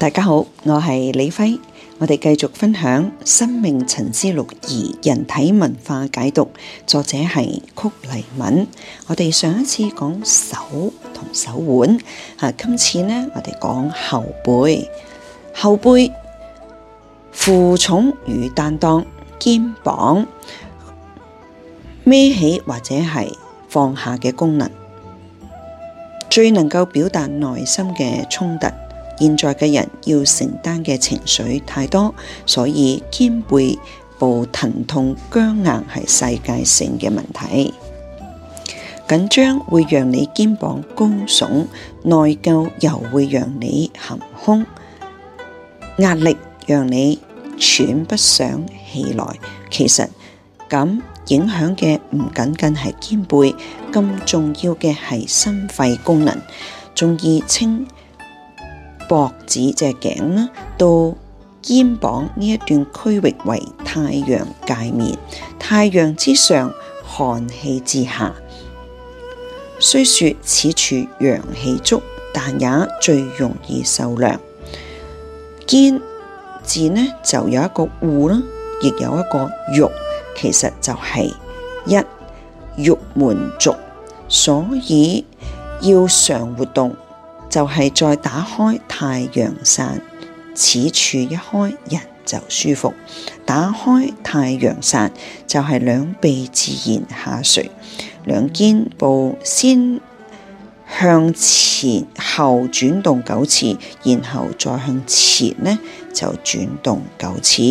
大家好，我係李輝，我哋繼續分享《生命沉思錄二：人體文化解讀》，作者係曲黎敏。我哋上一次講手同手腕，啊，今次呢我哋講後背，後背負重與擔當，肩膀孭起或者係放下嘅功能，最能夠表達內心嘅衝突。現在嘅人要承擔嘅情緒太多，所以肩背部疼痛僵硬係世界性嘅問題。緊張會讓你肩膀高聳，內疚又會讓你含胸，壓力讓你喘不上氣來。其實咁影響嘅唔僅僅係肩背，更重要嘅係心肺功能，中醫稱。脖子即係頸啦，到肩膀呢一段區域為太陽界面。太陽之上，寒氣之下，雖說此處陽氣足，但也最容易受涼。肩字呢就有一個戶啦，亦有一個肉，其實就係一肉門族，所以要常活動。就係再打開太陽傘，此處一開人就舒服。打開太陽傘就係、是、兩臂自然下垂，兩肩部先向前後轉動九次，然後再向前呢就轉動九次。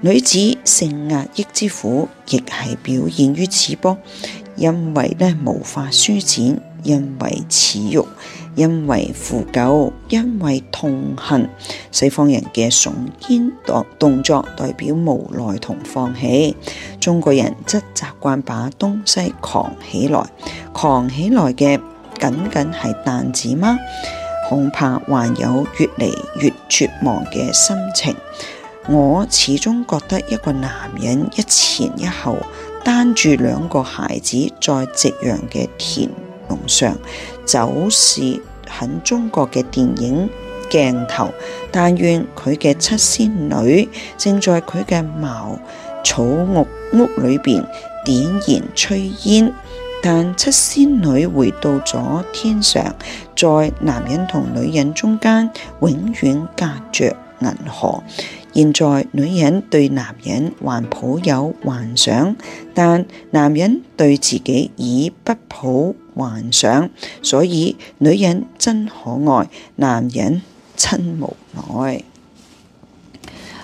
女子性壓抑之苦亦係表現於此波，因為呢無法舒展，因為恥辱。因為腐朽，因為痛恨，西方人嘅聳肩動作代表無奈同放棄，中國人則習慣把東西扛起來。扛起來嘅僅僅係擔子嗎？恐怕還有越嚟越絕望嘅心情。我始終覺得一個男人一前一後擔住兩個孩子在夕陽嘅田壟上，就是很中國嘅電影鏡頭，但願佢嘅七仙女正在佢嘅茅草屋屋裏邊點燃炊煙，但七仙女回到咗天上，在男人同女人中間永遠隔着銀河。現在女人對男人還抱有幻想，但男人對自己已不抱幻想，所以女人真可愛，男人真無奈。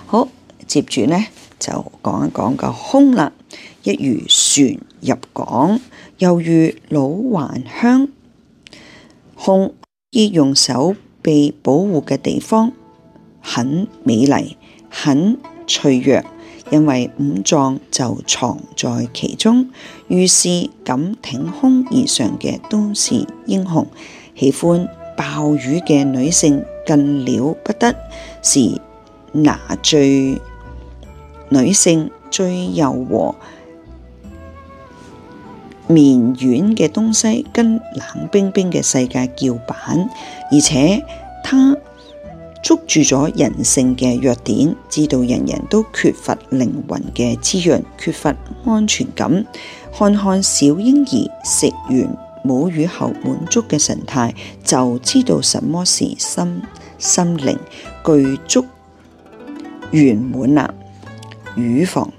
好，接住呢，就講一講個胸啦，一如船入港，又如老還鄉。胸以用手臂保護嘅地方，很美麗。很脆弱，因為五臟就藏在其中。於是敢挺胸而上嘅都是英雄。喜歡暴雨嘅女性更了不得，是拿最女性最柔和綿軟嘅東西，跟冷冰冰嘅世界叫闆，而且她。捉住咗人性嘅弱點，知道人人都缺乏靈魂嘅滋潤，缺乏安全感。看看小嬰兒食完母乳後滿足嘅神態，就知道什麼是心心靈具足圓滿啦。乳房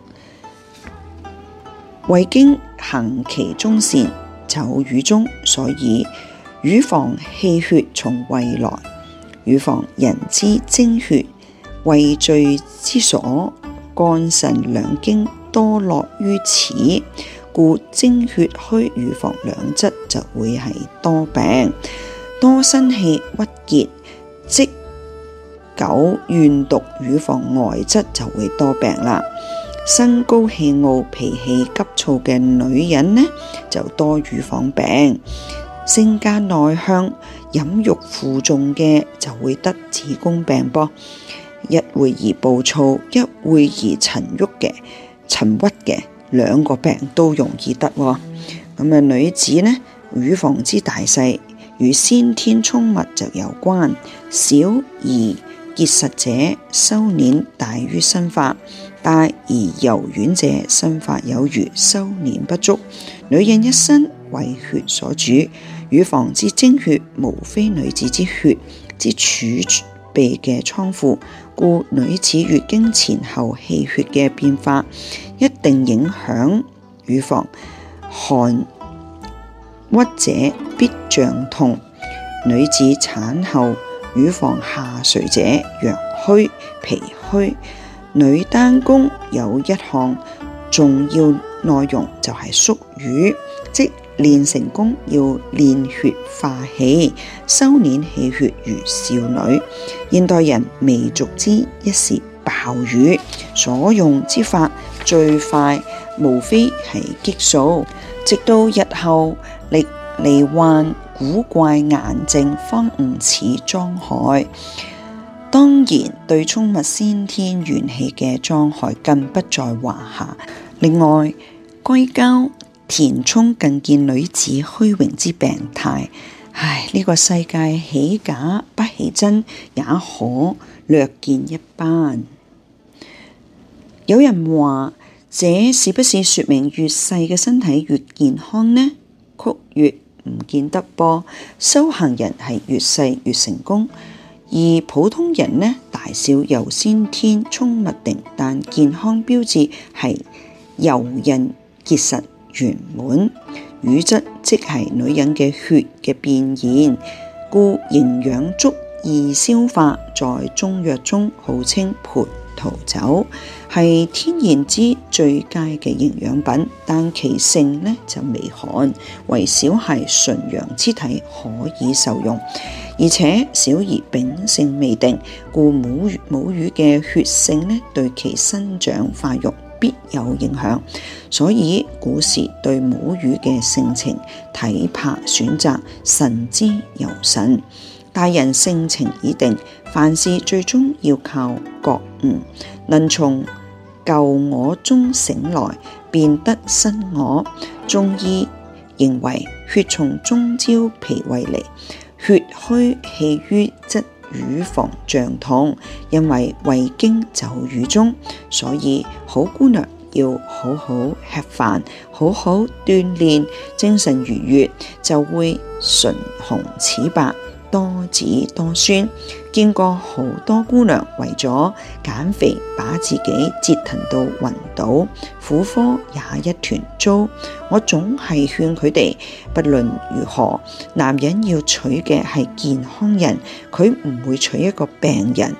胃經行其中線，走乳中，所以乳房氣血從胃來。乳房人之精血，匯聚之所，肝腎兩經多落於此，故精血虛乳房兩側就會係多病，多生氣鬱結，積久怨毒乳房外側就會多病啦。身高氣傲、脾氣急躁嘅女人呢，就多乳房病，性格內向。飲肉負重嘅就會得子宮病噃。一會兒暴躁，一會兒沉鬱嘅，沉鬱嘅兩個病都容易得。咁啊，女子呢，乳房之大細與先天衝脈就有關，小而結實者，收斂大於生發；大而柔軟者，生發有餘，收斂不足。女人一生為血所主。乳房之精血，無非女子之血之儲備嘅倉庫，故女子月經前後氣血嘅變化，一定影響乳房。寒鬱者必脹痛。女子產後乳房下垂者，陽虛、脾虛。女丹宮有一項重要內容，就係縮乳，即。練成功要練血化氣，收斂氣血如少女。現代人未俗之一是暴乳，所用之法最快，無非係激素。直到日後力力患古怪癌症，方唔似傷害。當然，對生物先天元氣嘅傷害更不在話下。另外，硅膠。填充更見女子虛榮之病態。唉，呢、這個世界起假不起真，也可略見一斑。有人話，這是不是說明越細嘅身體越健康呢？曲越唔見得噃。修行人係越細越成功，而普通人呢，大小由先天充物定，但健康標誌係柔韌結實。圓滿乳汁即係女人嘅血嘅變現，故營養足易消化，在中藥中號稱蟠桃酒，係天然之最佳嘅營養品。但其性呢就微寒，唯小孩純陽之體可以受用，而且小兒秉性未定，故母，母乳嘅血性呢對其生長發育，必有影響，所以古時對母乳嘅性情、體魄選擇慎之又慎。大人性情已定，凡事最終要靠覺悟，能從舊我中醒來，變得新我。中醫認為，血從為，血從中焦脾胃嚟，血虛氣瘀則。乳房脹痛，因為胃經走乳中，所以好姑娘要好好吃飯，好好鍛煉，精神愉悦，就會唇紅齒白，多子多孫。見過好多姑娘為咗減肥，把自己折騰到暈倒，婦科也一團糟。我總係勸佢哋，不論如何，男人要娶嘅係健康人，佢唔會娶一個病人。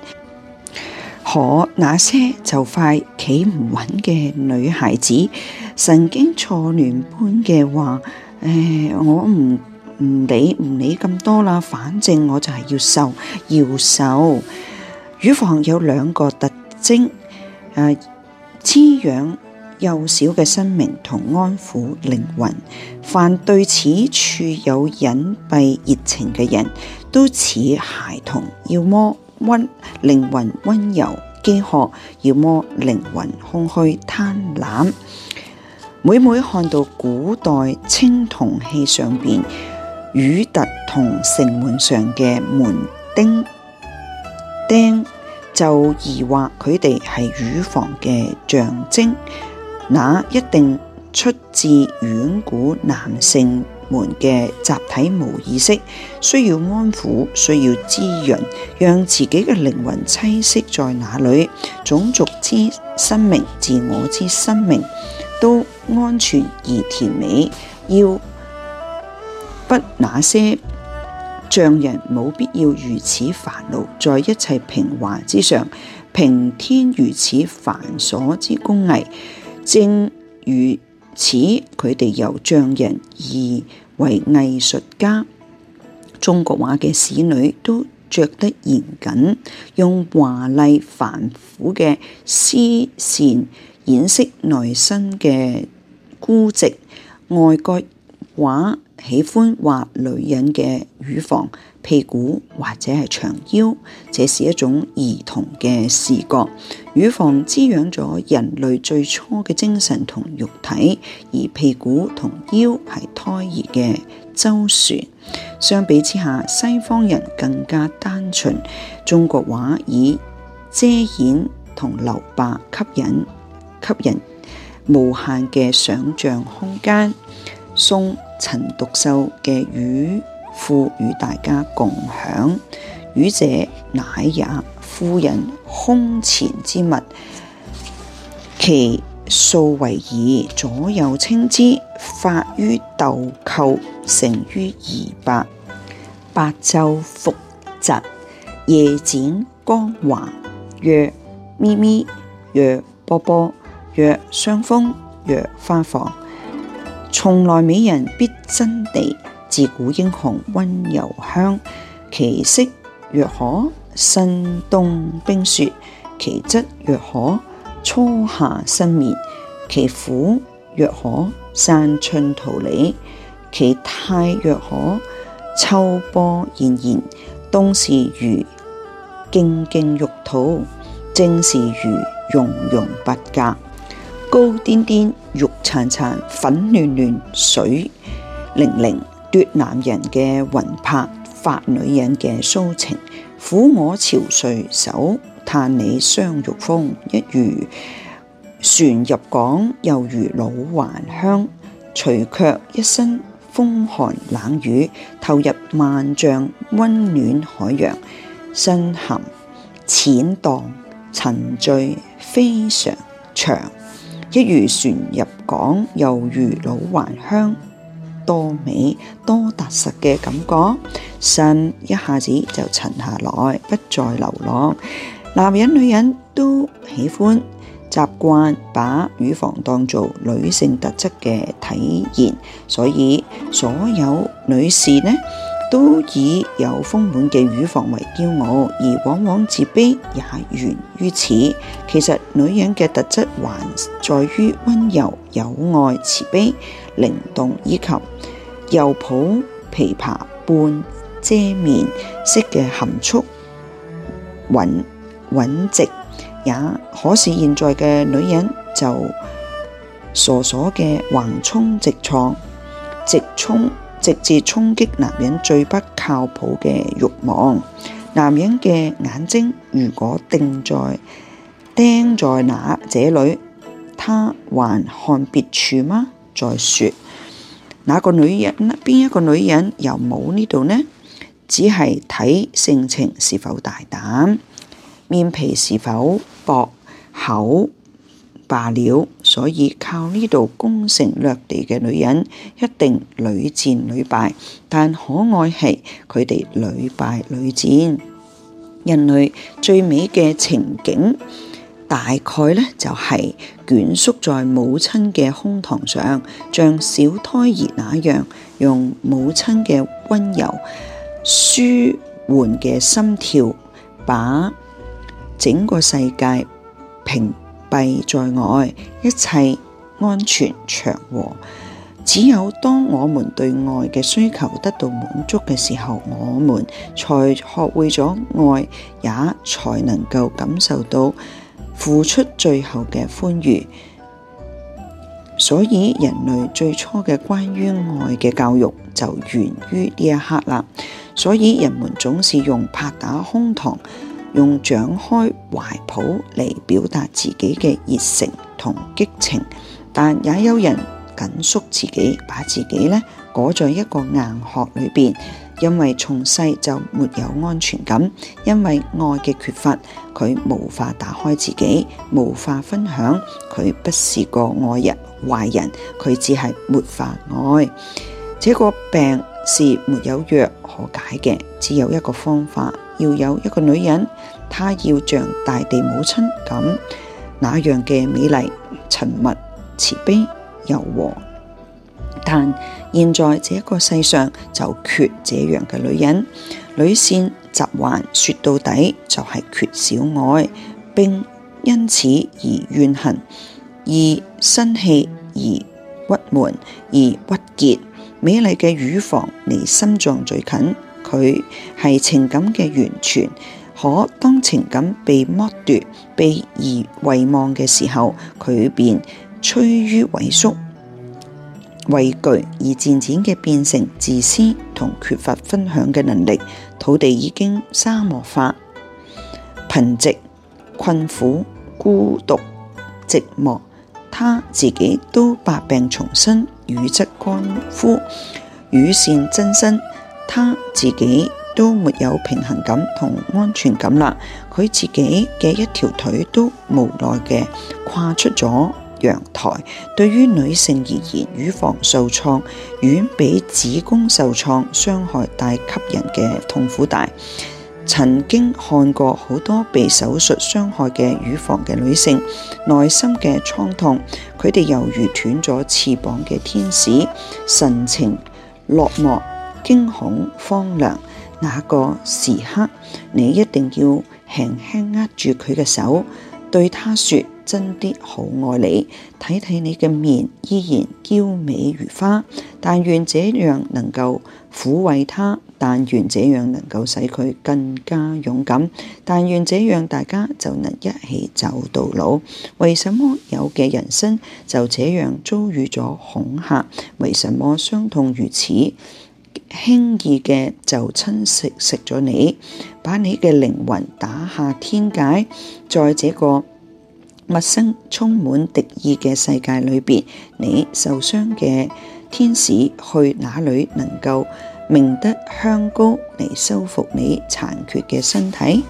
可那些就快企唔穩嘅女孩子，神經錯亂般嘅話，唉，我唔。唔理唔理咁多啦，反正我就係要瘦要瘦。乳房有兩個特徵，誒，滋養幼小嘅生命同安撫靈魂。凡對此處有隱蔽熱情嘅人都似孩童，要麼溫靈魂溫柔飢渴，渴，要麼靈魂空虛貪婪。每每看到古代青銅器上邊。乳突同城門上嘅門釘釘，就疑惑佢哋係乳房嘅象徵，那一定出自遠古男性們嘅集體無意識，需要安撫，需要滋潤，讓自己嘅靈魂棲息在那裏，種族之生命、自我之生命都安全而甜美，要。不那些匠人冇必要如此煩惱，在一切平滑之上，平添如此繁瑣之工藝。正如此，佢哋由匠人而為藝術家。中國畫嘅仕女都着得嚴謹，用華麗繁複嘅絲線掩飾內心嘅孤寂，外國畫喜歡畫女人嘅乳房、屁股或者係長腰，這是一種兒童嘅視覺。乳房滋養咗人類最初嘅精神同肉體，而屁股同腰係胎兒嘅周旋。相比之下，西方人更加單純。中國畫以遮掩同留白吸引，吸引無限嘅想像空間，松。陳獨秀嘅乳賦，與大家共享。乳者乃也，夫人胸前之物，其數為二，左右稱之，發於豆蔻，成於二八，白晝伏蟄，夜展光華，曰咪咪，曰波波，曰雙峰，曰花房。從來美人必爭地，自古英雄溫柔鄉。其色若可新冬冰雪，其質若可初夏新棉。其苦若可三春桃李，其態若可秋波灩灩。冬是如兢兢玉土，正是如融融白鴿。高顛顛，肉潺潺，粉嫩嫩，水靈靈，奪男人嘅魂魄，發女人嘅騷情。苦我憔悴手，嘆你雙玉峰，一如船入港，又如老還鄉。除卻一身風寒冷雨，投入萬丈溫暖海洋，身陷淺蕩沉醉，非常長。一如船入港，又如老還鄉，多美多踏實嘅感覺，心一下子就沉下來，不再流浪。男人女人都喜歡習慣把乳房當做女性特質嘅體現，所以所有女士呢，都以有豐滿嘅乳房為驕傲，而往往自卑也源於此。其實女人嘅特質還在於溫柔、有愛、慈悲、靈動，以及猶抱琵琶半遮面式嘅含蓄、穩穩直。也可是現在嘅女人就傻傻嘅橫衝直撞直衝。直接衝擊男人最不靠譜嘅欲望。男人嘅眼睛如果定在盯在那這裏，他還看別處嗎？再說，哪個女人邊一個女人又冇呢度呢？只係睇性情是否大膽，面皮是否薄厚。罷了，所以靠呢度攻城略地嘅女人一定屢戰屢敗，但可愛係佢哋屢敗屢戰。人類最美嘅情景，大概咧就係蜷縮在母親嘅胸膛上，像小胎兒那樣，用母親嘅溫柔舒緩嘅心跳，把整個世界平。弊在外，一切安全祥和。只有當我們對愛嘅需求得到滿足嘅時候，我們才學會咗愛，也才能夠感受到付出最後嘅歡愉。所以人類最初嘅關於愛嘅教育就源於呢一刻啦。所以人們總是用拍打胸膛。用敞開懷抱嚟表達自己嘅熱誠同激情，但也有人緊縮自己，把自己呢裹在一個硬殼裏邊，因為從細就沒有安全感，因為愛嘅缺乏，佢無法打開自己，無法分享，佢不是個愛人，壞人，佢只係沒法愛。這個病是沒有藥可解嘅，只有一個方法。要有一個女人，她要像大地母親咁那樣嘅美麗、沉默、慈悲、柔和。但現在這個世上就缺這樣嘅女人。女性疾患，說到底就係缺少愛，並因此而怨恨，而生氣而鬱悶而鬱結。美麗嘅乳房離心臟最近。佢係情感嘅源泉，可當情感被剝奪、被而遺忘嘅時候，佢便趨於萎縮、畏懼而漸漸嘅變成自私同缺乏分享嘅能力。土地已經沙漠化、貧瘠、困苦、孤獨、寂寞，他自己都百病叢生，乳質乾枯，乳腺增生。他自己都沒有平衡感同安全感啦，佢自己嘅一條腿都無奈嘅跨出咗陽台。對於女性而言，乳房受創遠比子宮受創傷害帶給人嘅痛苦大。曾經看過好多被手術傷害嘅乳房嘅女性，內心嘅創痛，佢哋猶如斷咗翅膀嘅天使，神情落寞，驚恐荒涼，那個時刻，你一定要輕輕握住佢嘅手，對他說：真的好愛你。睇睇你嘅面依然嬌美如花，但願這樣能夠撫慰他，但願這樣能夠使佢更加勇敢，但願這樣大家就能一起走到老。為什麼有嘅人生就這樣遭遇咗恐嚇？為什麼傷痛如此？輕易嘅就親食食咗你，把你嘅靈魂打下天界，在這個陌生充滿敵意嘅世界裏邊，你受傷嘅天使去哪裏能夠明德香膏嚟修復你殘缺嘅身體？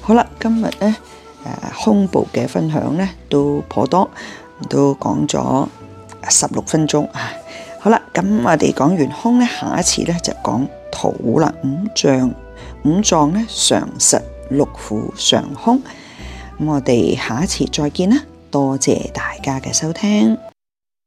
好啦，今日呢誒胸部嘅分享呢都頗多，都講咗十六分鐘啊！好啦，咁我哋講完胸咧，下一次咧就講肚啦。五臟五臟咧常實，六腑常空。咁我哋下一次再見啦，多謝大家嘅收聽。